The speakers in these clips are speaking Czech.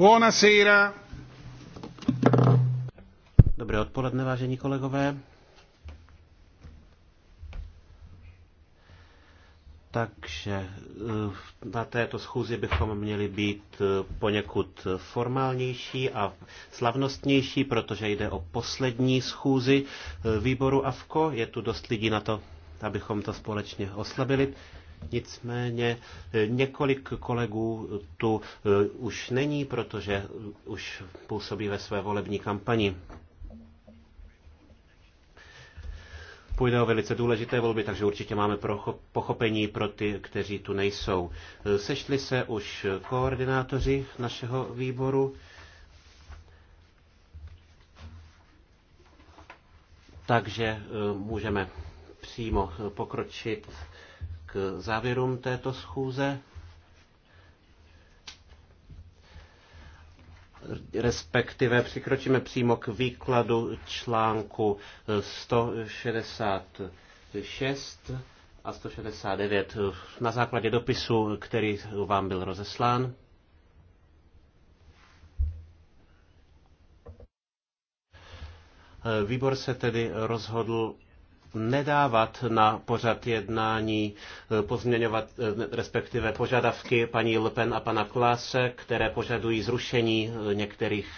Buonasera. Dobré odpoledne, vážení kolegové. Takže eh, na této schůzi bychom měli být eh, poněkud formálnější a slavnostnější, protože jde o poslední schůzi eh, výboru Afko. Je tu dost lidí na to, abychom to společně oslabili. Nicméně eh, několik kolegů eh, tu eh, už není, protože už působí ve své volební kampani. Půjde o velice důležité volby, takže určitě máme pochopení pro ty, kteří tu nejsou. Sešli se už koordinátoři našeho výboru. Takže můžeme přímo pokročit k závěrům této schůze. respektive přikročíme přímo k výkladu článku 166 a 169 na základě dopisu, který vám byl rozeslán. Výbor se tedy rozhodl nedávat na pořad jednání eh, pozměňovat, eh, respektive požadavky paní Le Pen a pana Kláse, které požadují zrušení eh, některých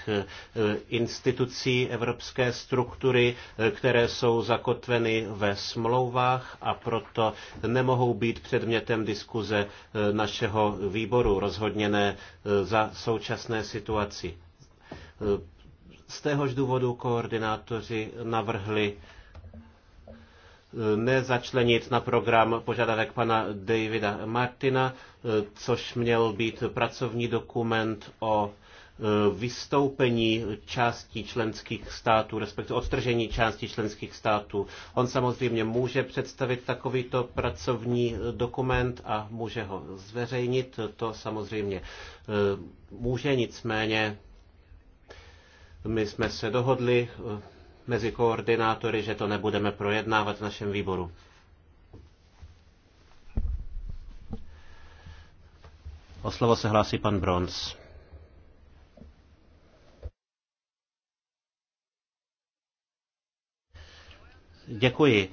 institucí evropské struktury, které jsou zakotveny ve smlouvách a proto nemohou být předmětem diskuze našeho výboru, rozhodněné za současné situaci. Z téhož důvodu koordinátoři navrhli nezačlenit na program požadavek pana Davida Martina, eh, což měl být pracovní dokument o eh, vystoupení části členských států, respektive odtržení části členských států. On samozřejmě může představit takovýto pracovní eh, dokument a může ho zveřejnit, to samozřejmě může, nicméně my jsme se dohodli mezi koordinátory, že to nebudeme projednávat v našem výboru. O slovo se hlásí pan Bronz. Děkuji.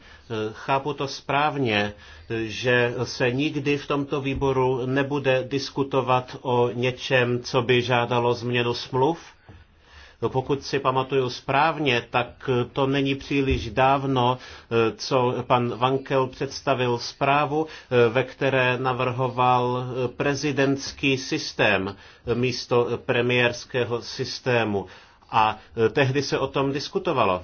Chápu to správně, že se nikdy v tomto výboru nebude diskutovat o něčem, co by žádalo změnu smluv? No pokud si pamatuju správně, tak to není příliš dávno, eh, co pan Vankel představil zprávu, eh, ve které navrhoval eh, prezidentský systém místo premiérského systému. A tehdy se o tom diskutovalo.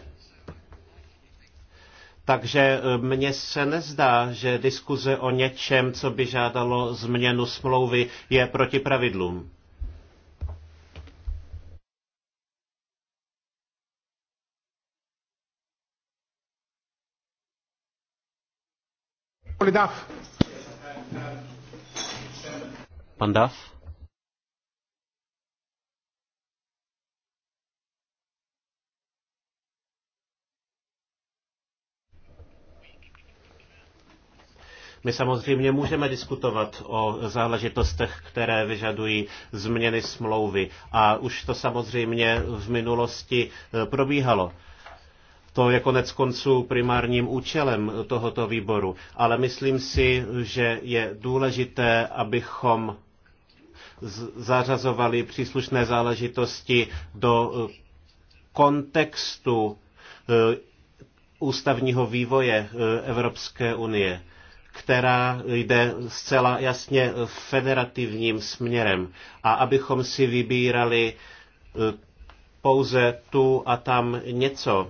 Takže mně se nezdá, že diskuze o něčem, co by žádalo změnu smlouvy, je proti pravidlům. Pan Dav? My samozřejmě můžeme diskutovat o záležitostech, které vyžadují změny smlouvy. A už to samozřejmě v minulosti eh, probíhalo. To je konec konců primárním účelem tohoto výboru, ale myslím si, že je důležité, abychom zařazovali příslušné záležitosti do eh, kontextu eh, ústavního vývoje eh, Evropské unie, která jde zcela jasně federativním směrem a abychom si vybírali pouze tu a tam něco,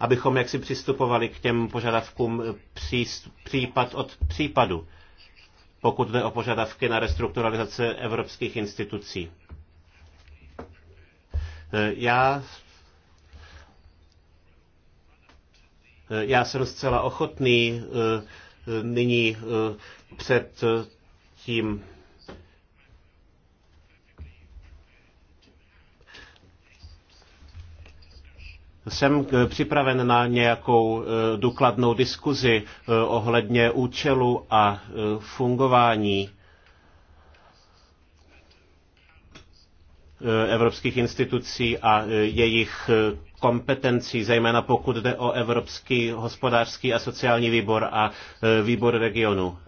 abychom jaksi přistupovali k těm požadavkům případ od případu, pokud jde o požadavky na restrukturalizace evropských institucí. E, já e, já jsem zcela ochotný e, nyní před tím Jsem eh, připraven na nějakou eh, důkladnou diskuzi eh, ohledně účelu a fungování evropských institucí a jejich kompetencí, zejména pokud jde o Evropský hospodářský a sociální výbor a výbor regionu.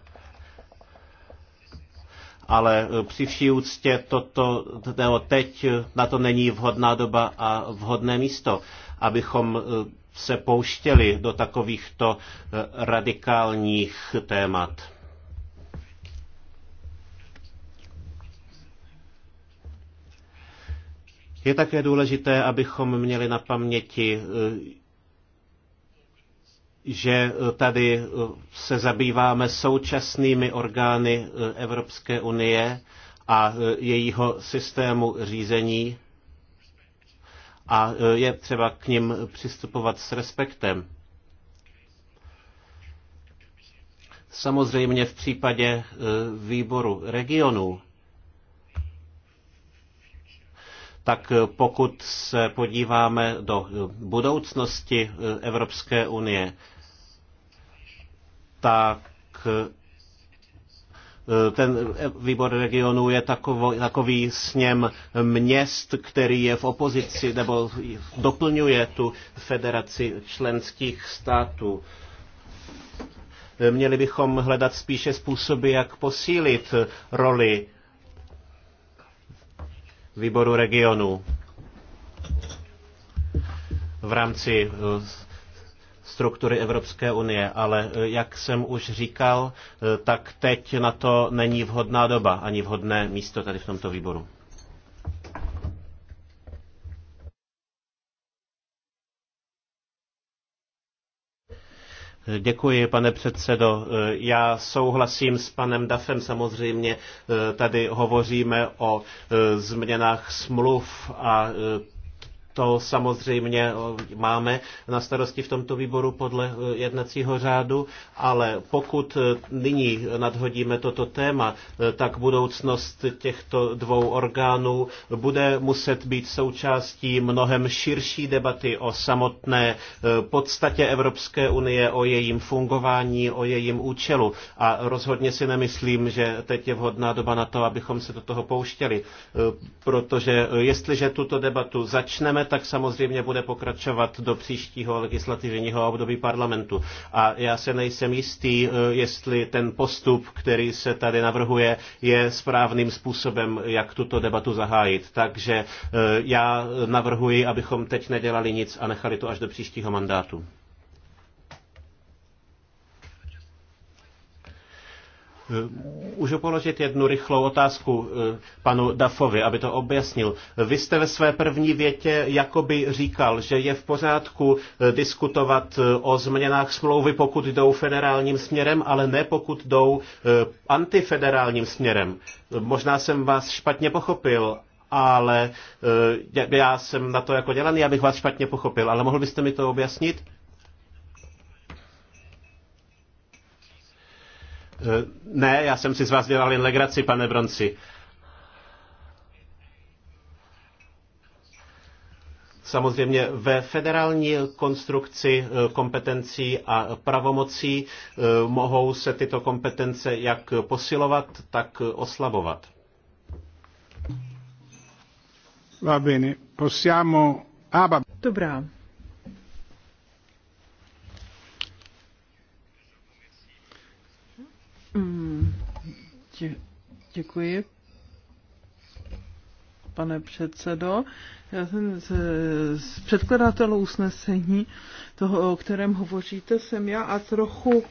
Ale při vší úctě toto, teď na to není vhodná doba a vhodné místo abychom eh, se pouštěli do takovýchto eh, radikálních témat. Je také důležité, abychom měli na paměti, eh, že tady se zabýváme současnými orgány Evropské unie a jejího systému řízení a e, je třeba k ním přistupovat s respektem. Samozřejmě v případě e, výboru regionů, tak pokud se podíváme do budoucnosti e, Evropské unie, tak Eh, ten výbor regionů je takový, takový sněm měst, který je v opozici nebo doplňuje tu federaci členských států eh, měli bychom hledat spíše způsoby, jak posílit roli výboru regionu v rámci eh, struktury Evropské unie, ale eh, jak jsem už říkal, eh, tak teď na to není vhodná doba ani vhodné místo tady v tomto výboru. Eh, děkuji, pane předsedo. Já souhlasím s panem Dafem samozřejmě. Tady hovoříme o změnách smluv a to samozřejmě máme na starosti v tomto výboru podle e, jednacího řádu, ale pokud e, nyní nadhodíme toto téma, e, tak budoucnost těchto dvou orgánů bude muset být součástí mnohem širší debaty o samotné podstatě Evropské unie, o jejím fungování, o jejím účelu. A rozhodně si nemyslím, že teď je vhodná doba na to, abychom se do toho pouštěli, protože jestliže tuto debatu začneme, tak samozřejmě bude pokračovat do příštího legislativního období parlamentu. A já se nejsem jistý, eh, jestli ten postup, který se tady navrhuje, je správným způsobem, jak tuto debatu zahájit. Takže eh, já navrhuji, abychom teď nedělali nic a nechali to až do příštího mandátu. Eh, můžu položit jednu rychlou otázku eh, panu Dafovi, aby to objasnil. Vy jste ve své první větě jakoby říkal, že je v pořádku eh, diskutovat o změnách smlouvy, pokud jdou federálním směrem, ale ne pokud jdou antifederálním směrem. Možná jsem vás špatně pochopil, ale já jsem na to jako dělaný, abych vás špatně pochopil, ale mohl byste mi to objasnit? Eh, ne, já jsem si z vás dělal jen legraci, pane Bronci. Samozřejmě ve federální konstrukci eh, kompetencí a pravomocí eh, mohou se tyto kompetence jak posilovat, tak oslabovat. Ah, Dobrá. děkuji, pane předsedo. Já jsem z, z předkladatelů usnesení, toho, o kterém hovoříte, jsem já a trochu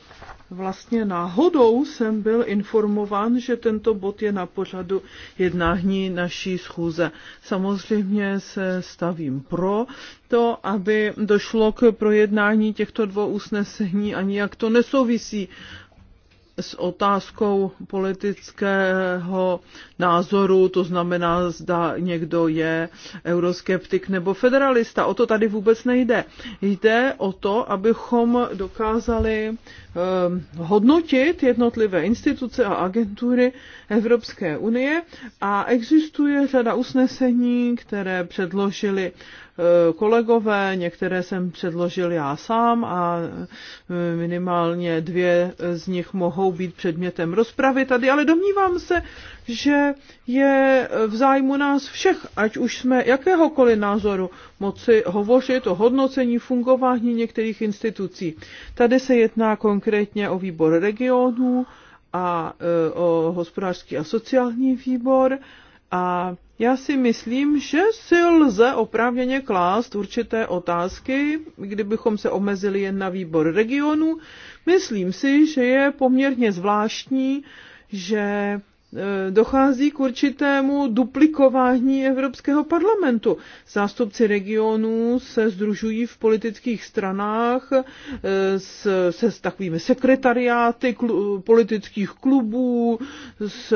vlastně náhodou jsem byl informován, že tento bod je na pořadu jednání naší schůze. Samozřejmě se stavím pro to, aby došlo k projednání těchto dvou usnesení, ani jak to nesouvisí s otázkou politického názoru, to znamená, zda někdo je euroskeptik nebo federalista. O to tady vůbec nejde. Jde o to, abychom dokázali ehm, hodnotit jednotlivé instituce a agentury Evropské unie a existuje řada usnesení, které předložili kolegové, některé jsem předložil já sám a e, minimálně dvě z nich mohou být předmětem rozpravy tady, ale domnívám se, že je v zájmu nás všech, ať už jsme jakéhokoliv názoru, moci hovořit o hodnocení fungování některých institucí. Tady se jedná konkrétně o výbor regionů a e, o hospodářský a sociální výbor a já si myslím, že si lze oprávněně klást určité otázky, kdybychom se omezili jen na výbor regionu. Myslím si, že je poměrně zvláštní, že Eh, dochází k určitému duplikování Evropského parlamentu. Zástupci regionů se združují v politických stranách eh, s, se s takovými sekretariáty klu, politických klubů, s,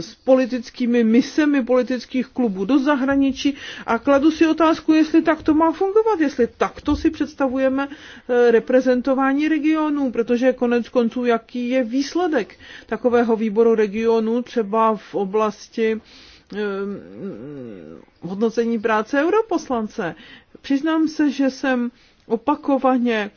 s politickými misemi politických klubů do zahraničí a kladu si otázku, jestli tak to má fungovat, jestli takto si představujeme eh, reprezentování regionů, protože konec konců, jaký je výsledek takového výboru regionů, třeba v oblasti hodnocení práce europoslance. Přiznám se, že jsem opakovaně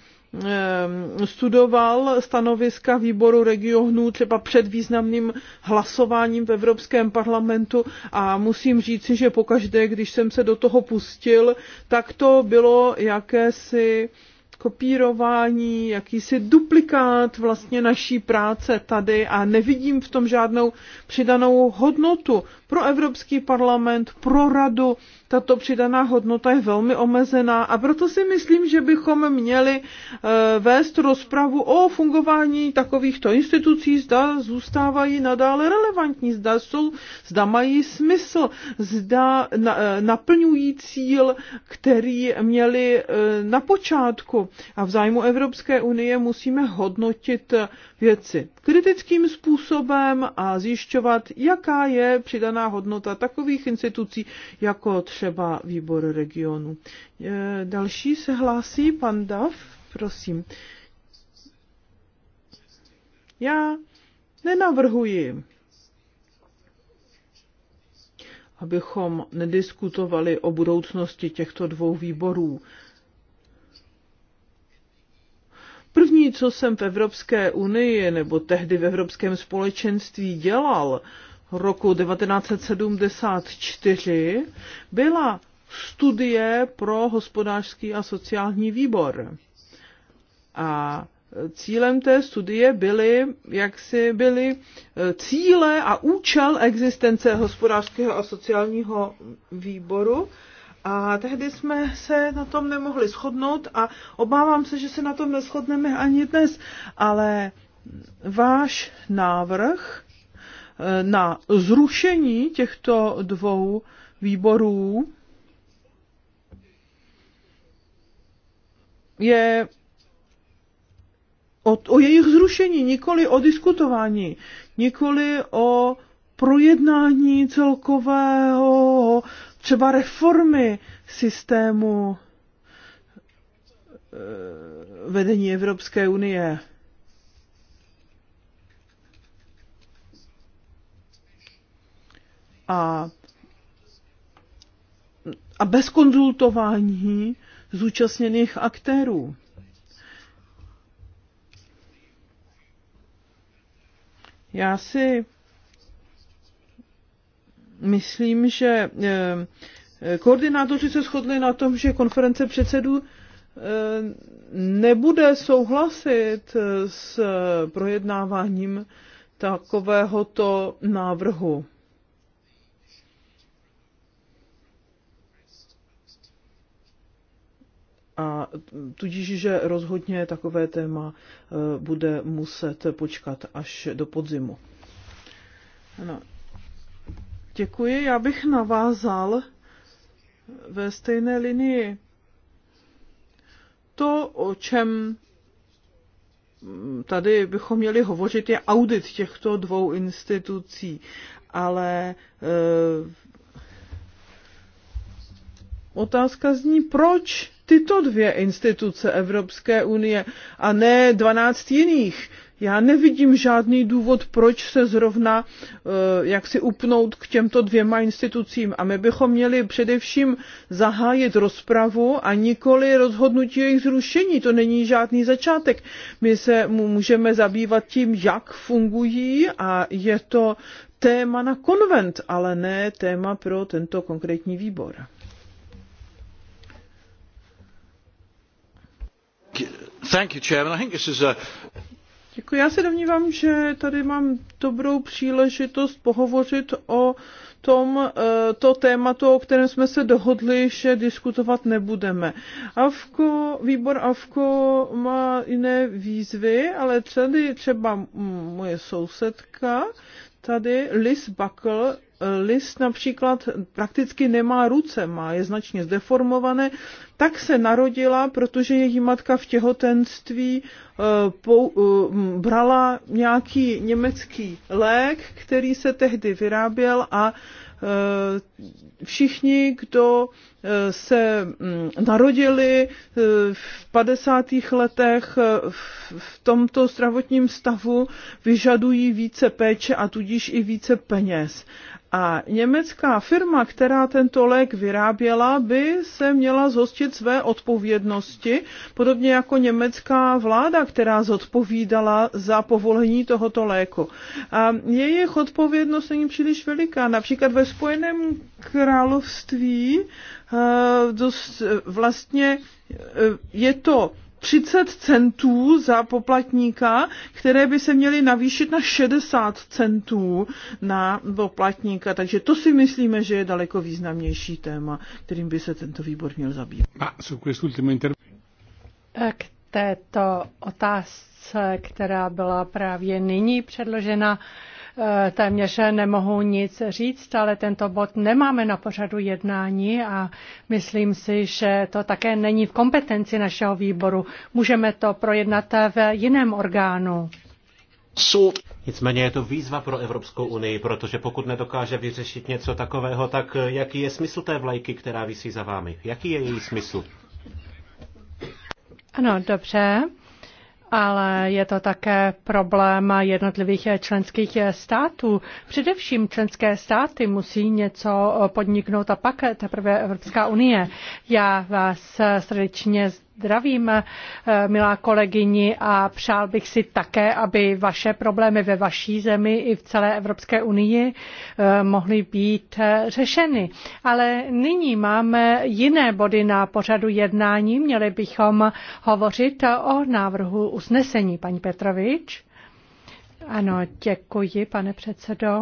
studoval stanoviska výboru regionů třeba před významným hlasováním v Evropském parlamentu a musím říci, že pokaždé, když jsem se do toho pustil, tak to bylo jakési kopírování, jakýsi duplikát vlastně naší práce tady a nevidím v tom žádnou přidanou hodnotu pro Evropský parlament, pro radu, tato přidaná hodnota je velmi omezená a proto si myslím, že bychom měli eh, vést rozpravu o fungování takovýchto institucí, zda zůstávají nadále relevantní, zda, jsou, zda mají smysl, zda eh, naplňují cíl, který měli eh, na počátku. A v zájmu Evropské unie musíme hodnotit věci kritickým způsobem a zjišťovat, jaká je přidaná hodnota takových institucí, jako třeba třeba výbor regionu. E, další se hlásí pan Dav, prosím. Já nenavrhuji, abychom nediskutovali o budoucnosti těchto dvou výborů. První, co jsem v Evropské unii nebo tehdy v Evropském společenství dělal, roku 1974 byla studie pro hospodářský a sociální výbor. A cílem té studie byly, jak si byly eh, cíle a účel existence hospodářského a sociálního výboru. A tehdy jsme se na tom nemohli shodnout a obávám se, že se na tom neschodneme ani dnes, ale váš návrh na zrušení těchto dvou výborů je o, o jejich zrušení, nikoli o diskutování, nikoli o projednání celkového třeba reformy systému eh, vedení Evropské unie. a, a bez konzultování zúčastněných aktérů. Já si myslím, že eh, koordinátoři se shodli na tom, že konference předsedů eh, nebude souhlasit eh, s projednáváním takovéhoto návrhu. A tudíž, že rozhodně takové téma e, bude muset počkat až do podzimu. No. Děkuji, já bych navázal ve stejné linii to, o čem mm, tady bychom měli hovořit, je audit těchto dvou institucí, ale e, Otázka zní, proč tyto dvě instituce Evropské unie a ne 12 jiných. Já nevidím žádný důvod, proč se zrovna eh, jak si upnout k těmto dvěma institucím. A my bychom měli především zahájit rozpravu a nikoli rozhodnutí jejich zrušení. To není žádný začátek. My se můžeme zabývat tím, jak fungují a je to téma na konvent, ale ne téma pro tento konkrétní výbor. Já se domnívám, že tady mám dobrou příležitost pohovořit o tom eh, to tématu, o kterém jsme se dohodli, že diskutovat nebudeme. Avko, výbor Avko má jiné výzvy, ale tady třeba moje sousedka, tady Liz Buckle list například prakticky nemá ruce, má je značně zdeformované, tak se narodila, protože její matka v těhotenství eh, eh, brala nějaký německý lék, který se tehdy vyráběl a eh, všichni, kdo se mm, narodili v 50. letech v tomto zdravotním stavu, vyžadují více péče a tudíž i více peněz. A německá firma, která tento lék vyráběla, by se měla zhostit své odpovědnosti, podobně jako německá vláda, která zodpovídala za povolení tohoto léku. A jejich odpovědnost není příliš veliká. Například ve Spojeném království eh, dost, eh, vlastně eh, je to 30 centů za poplatníka, které by se měly navýšit na 60 centů na poplatníka. Takže to si myslíme, že je daleko významnější téma, kterým by se tento výbor měl zabývat. K této otázce, která byla právě nyní předložena, Eh, téměř nemohu nic říct, ale tento bod nemáme na pořadu jednání a myslím si, že to také není v kompetenci našeho výboru. Můžeme to projednat v jiném orgánu. Nicméně je to výzva pro Evropskou unii, protože pokud nedokáže vyřešit něco takového, tak jaký je smysl té vlajky, která visí za vámi? Jaký je její smysl? Ano, dobře ale je to také problém jednotlivých členských států. Především členské státy musí něco podniknout a pak teprve Evropská unie. Já vás srdečně zdravím, eh, milá kolegyni, a přál bych si také, aby vaše problémy ve vaší zemi i v celé Evropské unii eh, mohly být eh, řešeny. Ale nyní máme jiné body na pořadu jednání. Měli bychom hovořit o návrhu usnesení. Paní Petrovič? Ano, děkuji, pane předsedo.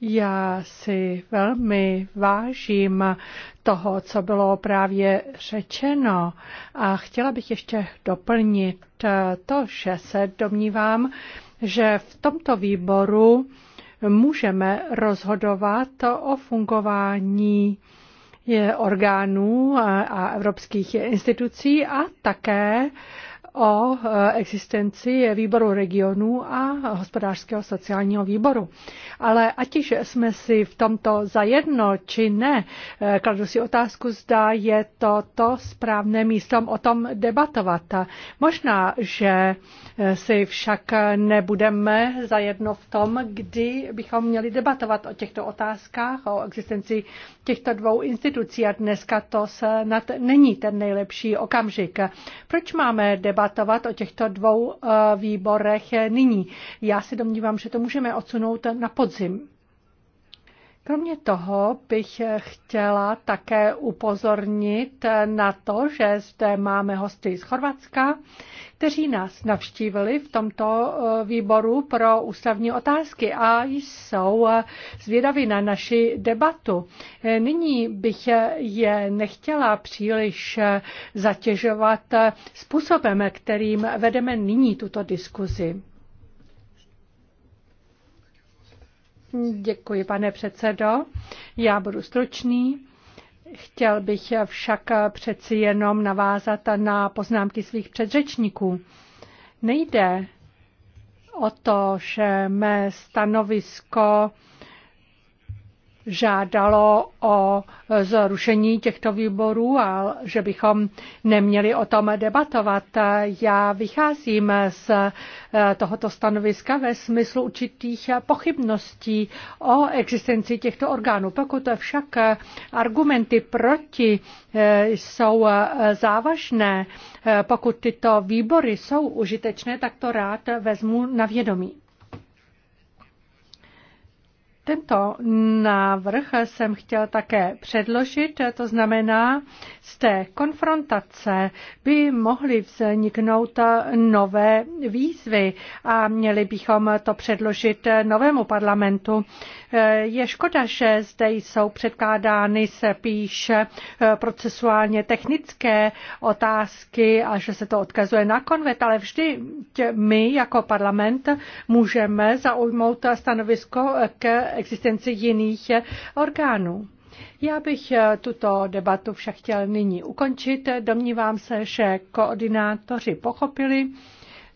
Já si velmi vážím toho, co bylo právě řečeno a chtěla bych ještě doplnit to, že se domnívám, že v tomto výboru můžeme rozhodovat o fungování orgánů a evropských institucí a také o e, existenci výboru regionů a hospodářského sociálního výboru. Ale ať již jsme si v tomto zajedno či ne, e, kladu si otázku, zda je to to správné místo o tom debatovat. Možná, že e, si však nebudeme zajedno v tom, kdy bychom měli debatovat o těchto otázkách, o existenci těchto dvou institucí a dneska to snad není ten nejlepší okamžik. Proč máme debat? debatovat o těchto dvou eh, výborech eh, nyní. Já se domnívám, že to můžeme odsunout na podzim. Kromě toho bych chtěla také upozornit na to, že zde máme hosty z Chorvatska, kteří nás navštívili v tomto eh, výboru pro ústavní otázky a jsou zvědaví na naši debatu. Eh, nyní bych je nechtěla příliš eh, zatěžovat způsobem, kterým vedeme nyní tuto diskuzi. Děkuji, pane předsedo. Já budu stručný. Chtěl bych však přeci jenom navázat na poznámky svých předřečníků. Nejde o to, že mé stanovisko žádalo o zrušení těchto výborů a že bychom neměli o tom debatovat. Já vycházím z eh, tohoto stanoviska ve smyslu určitých pochybností o existenci těchto orgánů. Pokud však argumenty proti eh, jsou eh, závažné, pokud tyto výbory jsou užitečné, tak to rád vezmu na vědomí. Tento návrh jsem chtěl také předložit, to znamená, z té konfrontace by mohly vzniknout nové výzvy a měli bychom to předložit novému parlamentu. Je škoda, že zde jsou předkládány se píše procesuálně technické otázky a že se to odkazuje na konvet, ale vždy my jako parlament můžeme zaujmout stanovisko k existenci jiných orgánů. Já bych eh, tuto debatu však chtěl nyní ukončit. Domnívám se, že koordinátoři pochopili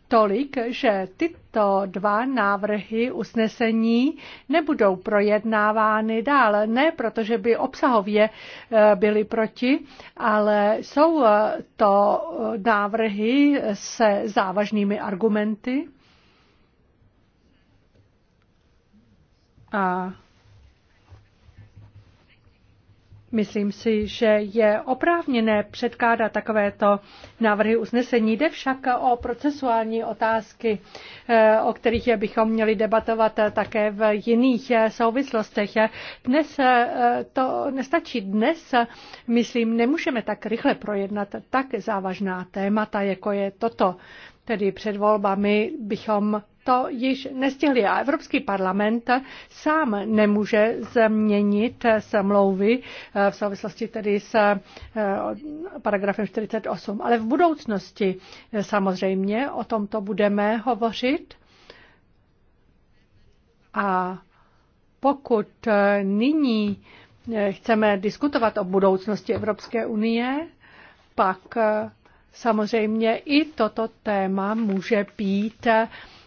tolik, že tyto dva návrhy usnesení nebudou projednávány dál. Ne protože by obsahově eh, byly proti, ale jsou eh, to návrhy se závažnými argumenty A Myslím si, že je oprávněné předkládat takovéto návrhy usnesení. Jde však o procesuální otázky, eh, o kterých bychom měli debatovat také v jiných eh, souvislostech. Dnes eh, to nestačí. Dnes, myslím, nemůžeme tak rychle projednat tak závažná témata, jako je toto. Tedy před volbami bychom to již nestihli a Evropský parlament sám nemůže změnit smlouvy eh, v souvislosti tedy s eh, paragrafem 48. Ale v budoucnosti eh, samozřejmě o tomto budeme hovořit. A pokud nyní chceme diskutovat o budoucnosti Evropské unie, pak samozřejmě i toto téma může být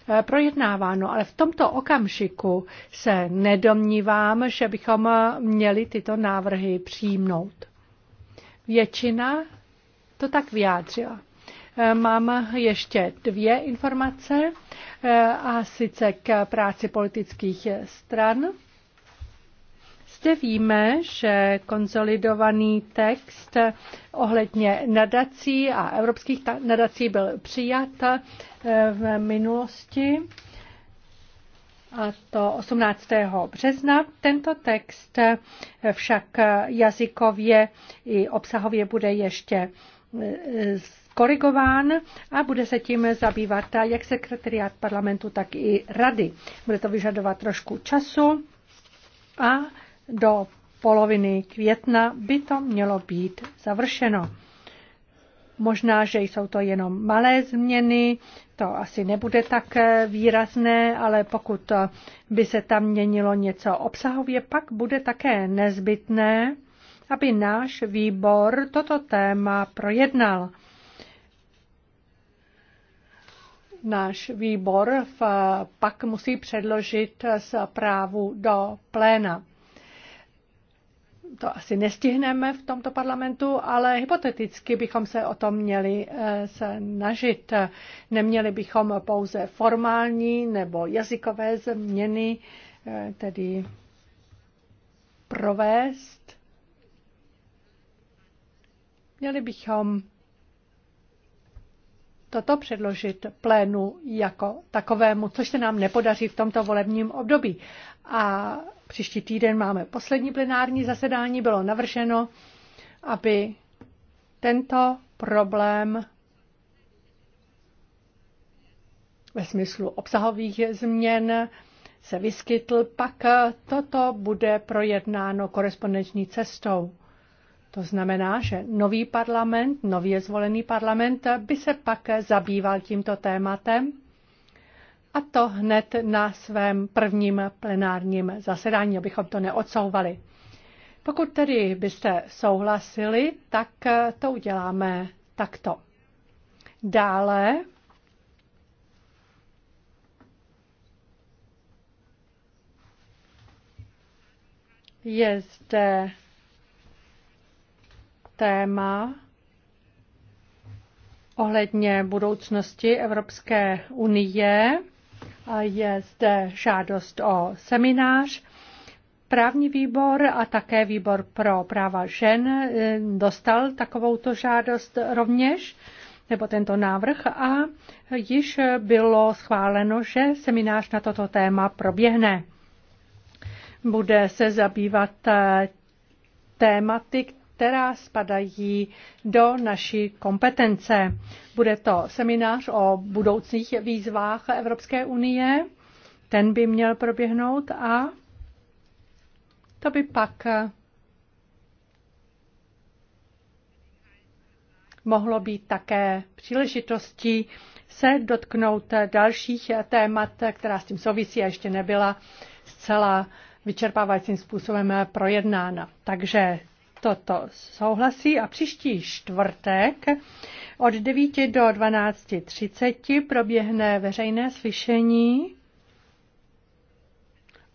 Eh, projednáváno, ale v tomto okamžiku se nedomnívám, že bychom měli tyto návrhy přijmout. Většina to tak vyjádřila. Eh, mám ještě dvě informace, eh, a sice k práci politických stran jistě víme, že konsolidovaný text ohledně nadací a evropských nadací byl přijat eh, v minulosti a to 18. března. Tento text však jazykově i obsahově bude ještě eh, korigován a bude se tím zabývat jak sekretariát parlamentu, tak i rady. Bude to vyžadovat trošku času a do poloviny května by to mělo být završeno. Možná, že jsou to jenom malé změny, to asi nebude tak výrazné, ale pokud by se tam měnilo něco obsahově, pak bude také nezbytné, aby náš výbor toto téma projednal. Náš výbor pak musí předložit zprávu do pléna to asi nestihneme v tomto parlamentu, ale hypoteticky bychom se o tom měli eh, snažit. Neměli bychom pouze formální nebo jazykové změny eh, tedy provést. Měli bychom toto předložit plénu jako takovému, což se nám nepodaří v tomto volebním období. A Příští týden máme poslední plenární zasedání. Bylo navrženo, aby tento problém ve smyslu obsahových změn se vyskytl, pak toto bude projednáno korespondenční cestou. To znamená, že nový parlament, nově zvolený parlament by se pak zabýval tímto tématem a to hned na svém prvním plenárním zasedání, abychom to neodsouvali. Pokud tedy byste souhlasili, tak eh, to uděláme takto. Dále je zde téma ohledně budoucnosti Evropské unie. Je zde žádost o seminář. Právní výbor a také výbor pro práva žen eh, dostal takovouto žádost rovněž, nebo tento návrh, a již bylo schváleno, že seminář na toto téma proběhne. Bude se zabývat eh, tématy, která spadají do naší kompetence. Bude to seminář o budoucích výzvách Evropské unie, ten by měl proběhnout a to by pak mohlo být také příležitostí se dotknout dalších témat, která s tím souvisí a ještě nebyla zcela vyčerpávajícím způsobem projednána. Takže toto souhlasí a příští čtvrtek od 9 do 12.30 proběhne veřejné slyšení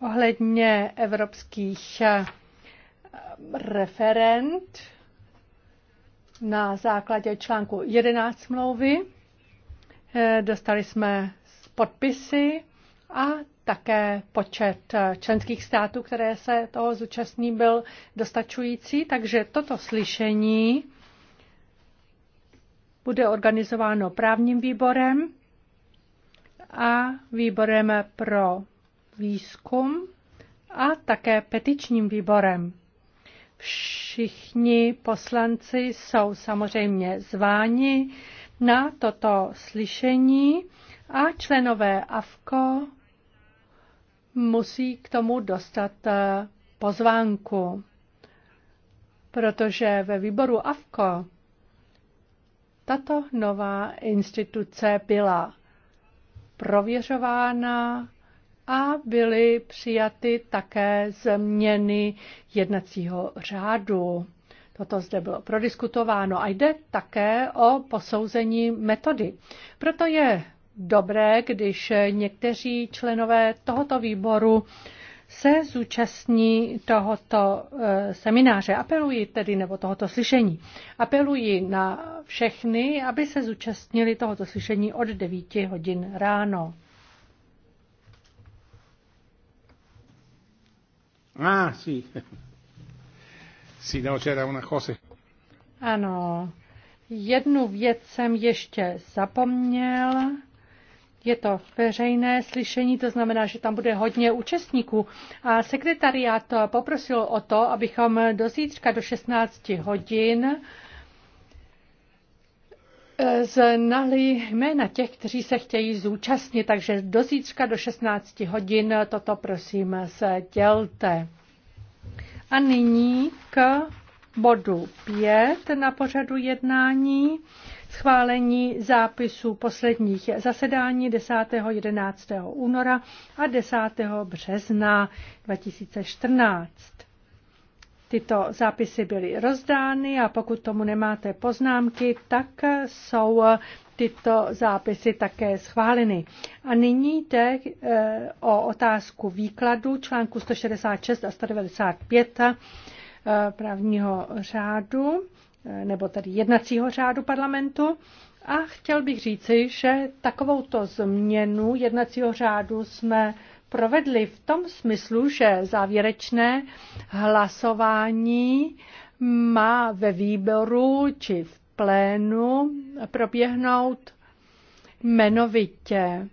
ohledně evropských eh, referent na základě článku 11 smlouvy. Eh, dostali jsme podpisy a také počet eh, členských států, které se toho zúčastní, byl dostačující, takže toto slyšení bude organizováno právním výborem a výborem pro výzkum a také petičním výborem. Všichni poslanci jsou samozřejmě zváni na toto slyšení a členové AFKO musí k tomu dostat eh, pozvánku, protože ve výboru AFKO tato nová instituce byla prověřována a byly přijaty také změny jednacího řádu. Toto zde bylo prodiskutováno a jde také o posouzení metody. Proto je dobré, když někteří členové tohoto výboru se zúčastní tohoto eh, semináře. Apeluji tedy, nebo tohoto slyšení. Apeluji na všechny, aby se zúčastnili tohoto slyšení od 9 hodin ráno. Ah, sí. sí, no, c'era una cosa. Ano. Jednu věc jsem ještě zapomněl. Je to veřejné slyšení, to znamená, že tam bude hodně účastníků. A sekretariát poprosil o to, abychom do zítřka do 16 hodin eh, znali jména těch, kteří se chtějí zúčastnit, takže do zítřka do 16 hodin toto prosím dělte. A nyní k bodu 5 na pořadu jednání schválení zápisů posledních zasedání 10. 11. února a 10. března 2014. Tyto zápisy byly rozdány a pokud tomu nemáte poznámky, tak jsou tyto zápisy také schváleny. A nyní jde eh, o otázku výkladu článku 166 a 195 eh, právního řádu. Eh, nebo tedy jednacího řádu parlamentu. A chtěl bych říci, že takovouto změnu jednacího řádu jsme provedli v tom smyslu, že závěrečné hlasování má ve výboru či v plénu proběhnout jmenovitě,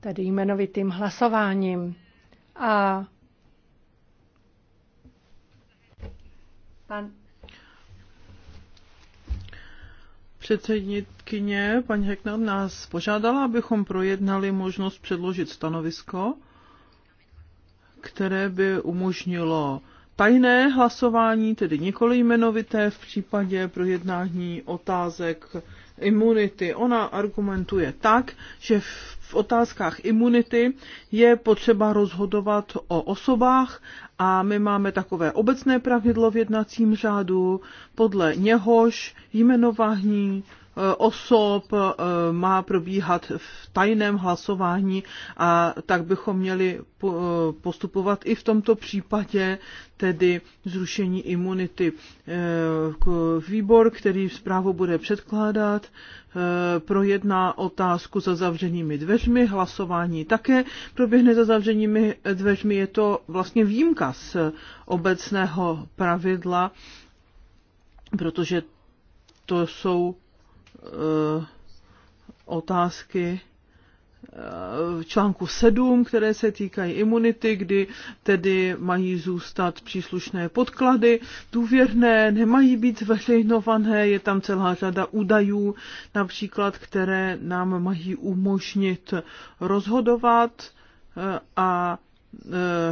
tedy jmenovitým hlasováním. A pan Předsednitkyně paní Hekner nás požádala, abychom projednali možnost předložit stanovisko, které by umožnilo tajné hlasování, tedy nikoli jmenovité v případě projednání otázek imunity. Ona argumentuje tak, že v otázkách imunity je potřeba rozhodovat o osobách a my máme takové obecné pravidlo v jednacím řádu, podle něhož jmenování Eh, osob eh, má probíhat v tajném hlasování a tak bychom měli eh, postupovat i v tomto případě, tedy zrušení imunity. Výbor, který zprávu bude předkládat, projedná otázku za zavřenými dveřmi, hlasování také proběhne za zavřenými dveřmi. Je to vlastně výjimka z obecného pravidla, protože to jsou Eh, otázky eh, v článku 7, které se týkají imunity, kdy tedy mají zůstat příslušné podklady důvěrné, nemají být zveřejnované, je tam celá řada údajů, například, které nám mají umožnit rozhodovat eh, a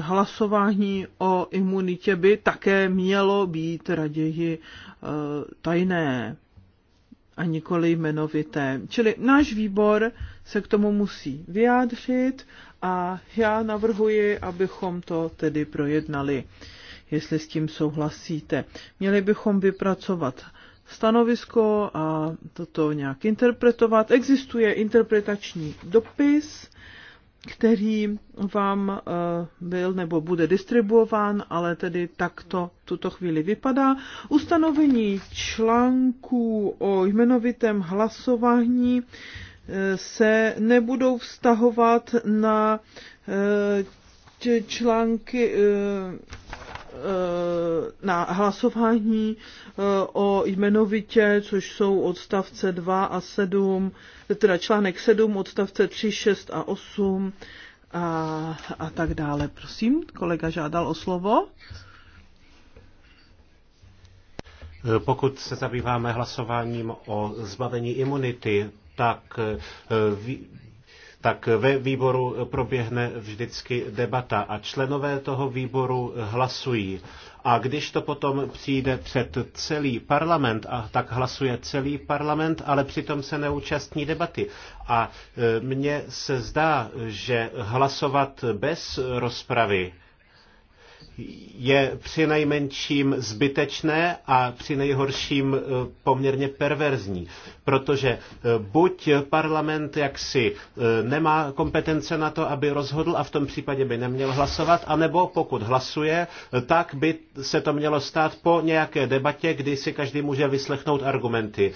hlasování o imunitě by také mělo být raději tajné a nikoli jmenovité. Čili náš výbor se k tomu musí vyjádřit a já navrhuji, abychom to tedy projednali, jestli s tím souhlasíte. Měli bychom vypracovat stanovisko a toto nějak interpretovat. Existuje interpretační dopis, který vám eh, byl nebo bude distribuován, ale tedy takto tuto chvíli vypadá. Ustanovení článků o jmenovitém hlasování eh, se nebudou vztahovat na eh, články Eh, na hlasování eh, o jmenovitě, což jsou odstavce 2 a 7, teda článek 7, odstavce 3, 6 a 8 a, a tak dále. Prosím, kolega žádal o slovo. Eh, pokud se zabýváme hlasováním o zbavení imunity, tak tak ve výboru proběhne vždycky debata a členové toho výboru hlasují. A když to potom přijde před celý parlament, a tak hlasuje celý parlament, ale přitom se neúčastní debaty. A e, mně se zdá, že hlasovat bez rozpravy je při nejmenším zbytečné a při nejhorším e, poměrně perverzní protože eh, buď parlament jaksi eh, nemá kompetence na to, aby rozhodl a v tom případě by neměl hlasovat, anebo pokud hlasuje, eh, tak by se to mělo stát po nějaké debatě, kdy si každý může vyslechnout argumenty.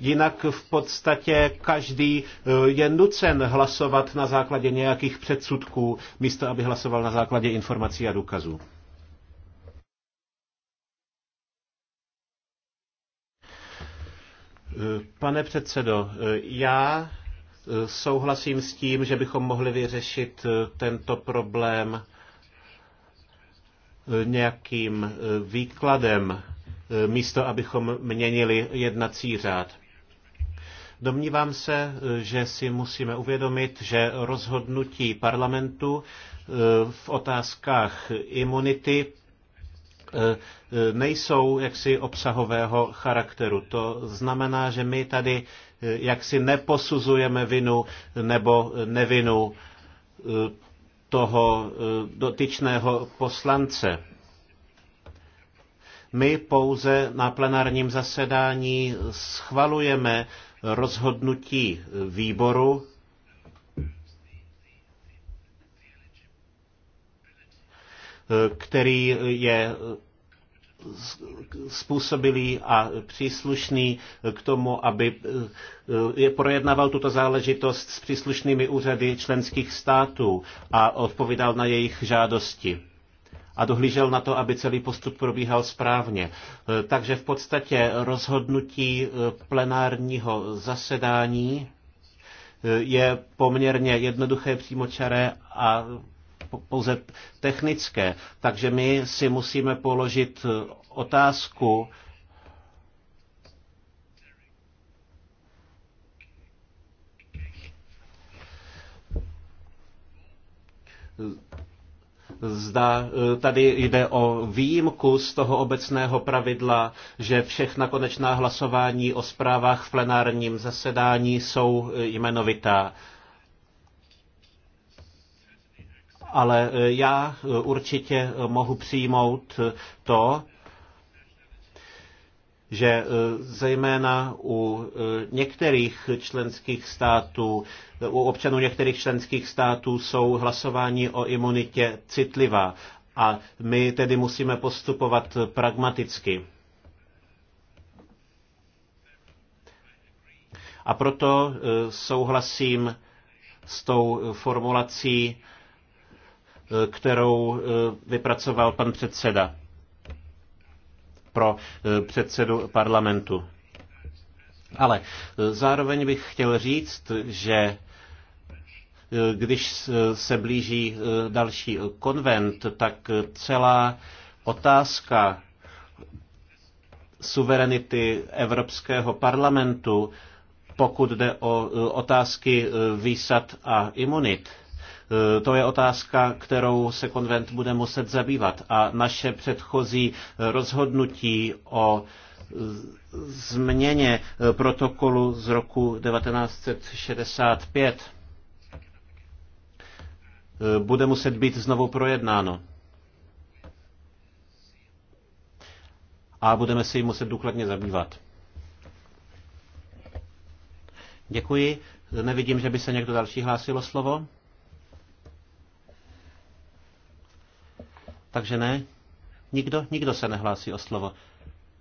Jinak v podstatě každý je nucen hlasovat na základě nějakých předsudků, místo aby hlasoval na základě informací a důkazů. Pane předsedo, já e, souhlasím s tím, že bychom mohli vyřešit e, tento problém e, nějakým výkladem, místo abychom měnili jednací řád. Domnívám se, že si musíme uvědomit, že rozhodnutí parlamentu v otázkách imunity Eh, eh, nejsou jaksi obsahového charakteru. To znamená, že my tady eh, jaksi neposuzujeme vinu nebo nevinu toho dotyčného poslance. My pouze na plenárním zasedání schvalujeme rozhodnutí výboru který je způsobilý a příslušný k tomu, aby eh, je projednával tuto záležitost s příslušnými úřady členských států a odpovídal na jejich žádosti a dohlížel na to, aby celý postup probíhal správně. Eh, takže v podstatě rozhodnutí eh, plenárního zasedání je poměrně jednoduché, přímočaré a pouze technické. Takže my si musíme položit otázku, Zda e, tady jde o výjimku z toho obecného pravidla, že všechna konečná hlasování o zprávách v plenárním zasedání jsou jmenovitá. ale e, já e, určitě e, mohu přijmout to, že zejména u některých členských států, u občanů některých členských států jsou hlasování o imunitě citlivá a my tedy musíme postupovat pragmaticky. A proto souhlasím s tou formulací kterou eh, vypracoval pan předseda pro eh, předsedu parlamentu. Ale eh, zároveň bych chtěl říct, že když se blíží další konvent, tak celá otázka suverenity Evropského parlamentu, pokud jde o otázky výsad a imunit, Eh, to je otázka, kterou se konvent bude muset zabývat. A naše předchozí eh, rozhodnutí o eh, změně protokolu z roku 1965 bude muset být znovu projednáno. A budeme se jim muset důkladně zabývat. Děkuji. Nevidím, že by se někdo další hlásil o slovo. Takže ne? Nikdo? Nikdo se nehlásí o slovo.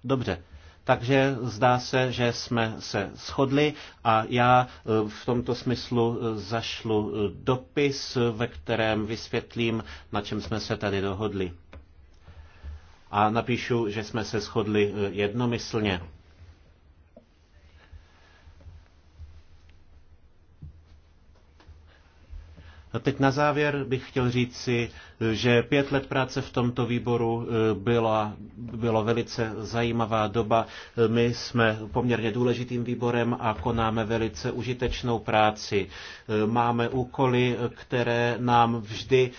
Dobře. Takže zdá se, že jsme se shodli a já e, v tomto smyslu e, zašlu e, dopis, ve kterém vysvětlím, na čem jsme se tady dohodli. A napíšu, že jsme se shodli jednomyslně. Teď na závěr bych chtěl si, že pět let práce v tomto výboru eh, byla, bylo velice zajímavá doba. Eh, my jsme poměrně důležitým výborem a konáme velice užitečnou práci. Eh, máme úkoly, které nám vždy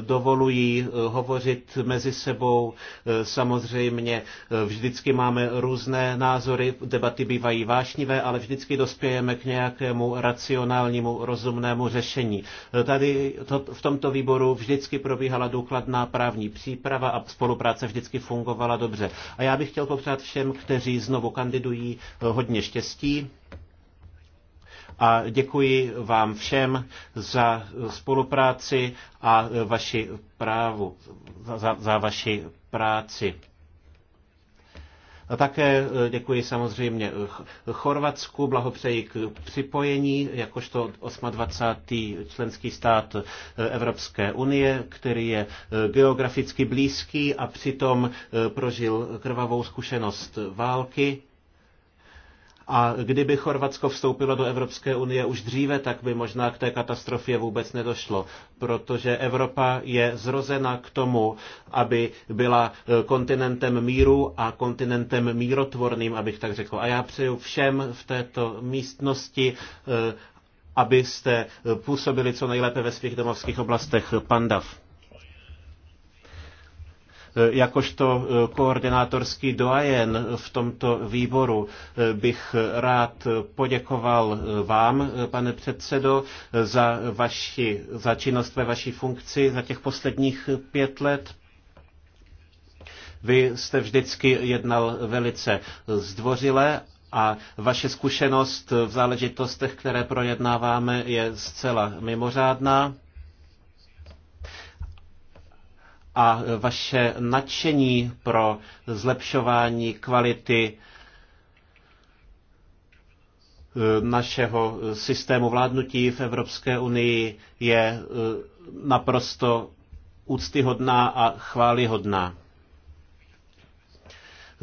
dovolují hovořit mezi sebou. Samozřejmě vždycky máme různé názory, debaty bývají vášnivé, ale vždycky dospějeme k nějakému racionálnímu, rozumnému řešení tady to, v tomto výboru vždycky probíhala důkladná právní příprava a spolupráce vždycky fungovala dobře. A já bych chtěl popřát všem, kteří znovu kandidují, hodně štěstí. A děkuji vám všem za spolupráci a vaši právu, za, za vaši práci. A také eh, děkuji samozřejmě eh, Chorvatsku, blahopřeji k připojení jakožto 28. členský stát eh, Evropské unie, který je geograficky blízký a přitom prožil krvavou zkušenost války a kdyby Chorvatsko vstoupilo do Evropské unie už dříve, tak by možná k té katastrofě vůbec nedošlo, protože Evropa je zrozena k tomu, aby byla eh, kontinentem míru a kontinentem mírotvorným, abych tak řekl. A já přeju všem v této místnosti, eh, abyste eh, působili co nejlépe ve svých domovských oblastech. Pandav. Eh, jakožto eh, koordinátorský doajen v tomto výboru eh, bych rád poděkoval vám, pane předsedo, za, vaši, za činnost ve vaší funkci za těch posledních pět let, vy jste vždycky jednal velice zdvořile a vaše zkušenost v záležitostech, které projednáváme, je zcela mimořádná. a vaše nadšení pro zlepšování kvality eh, našeho systému vládnutí v Evropské unii je eh, naprosto úctyhodná a chválihodná.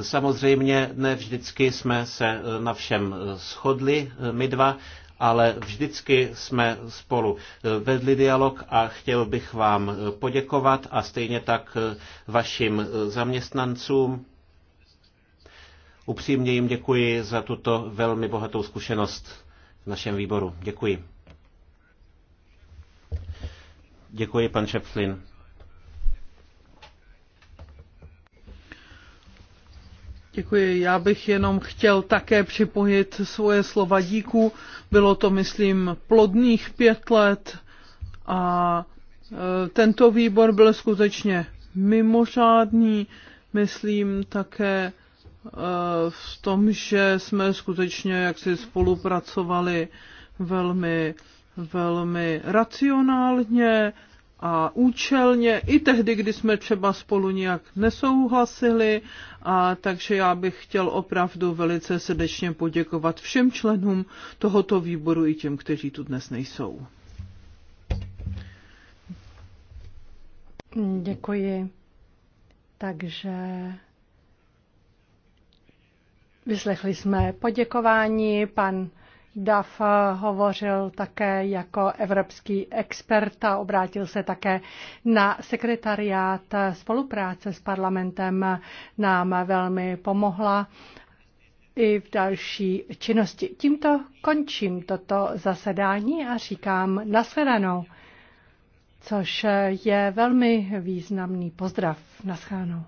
Samozřejmě ne vždycky jsme se eh, na všem shodli my dva, ale vždycky jsme spolu vedli dialog a chtěl bych vám poděkovat a stejně tak vašim zaměstnancům. Upřímně jim děkuji za tuto velmi bohatou zkušenost v našem výboru. Děkuji. Děkuji, pan Šepflin. Děkuji. Já bych jenom chtěl také připojit svoje slova díku. Bylo to, myslím, plodných pět let a e, tento výbor byl skutečně mimořádný, myslím také e, v tom, že jsme skutečně jaksi spolupracovali velmi, velmi racionálně a účelně, i tehdy, kdy jsme třeba spolu nějak nesouhlasili, a takže já bych chtěl opravdu velice srdečně poděkovat všem členům tohoto výboru i těm, kteří tu dnes nejsou. Děkuji. Takže vyslechli jsme poděkování pan Dav hovořil také jako evropský expert a obrátil se také na sekretariát spolupráce s parlamentem. Nám velmi pomohla i v další činnosti. Tímto končím toto zasedání a říkám nashledanou, což je velmi významný pozdrav. Nashledanou.